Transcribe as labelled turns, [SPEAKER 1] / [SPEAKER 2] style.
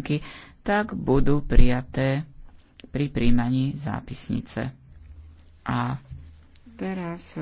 [SPEAKER 1] podmienky, tak budú prijaté pri príjmaní zápisnice. A
[SPEAKER 2] teraz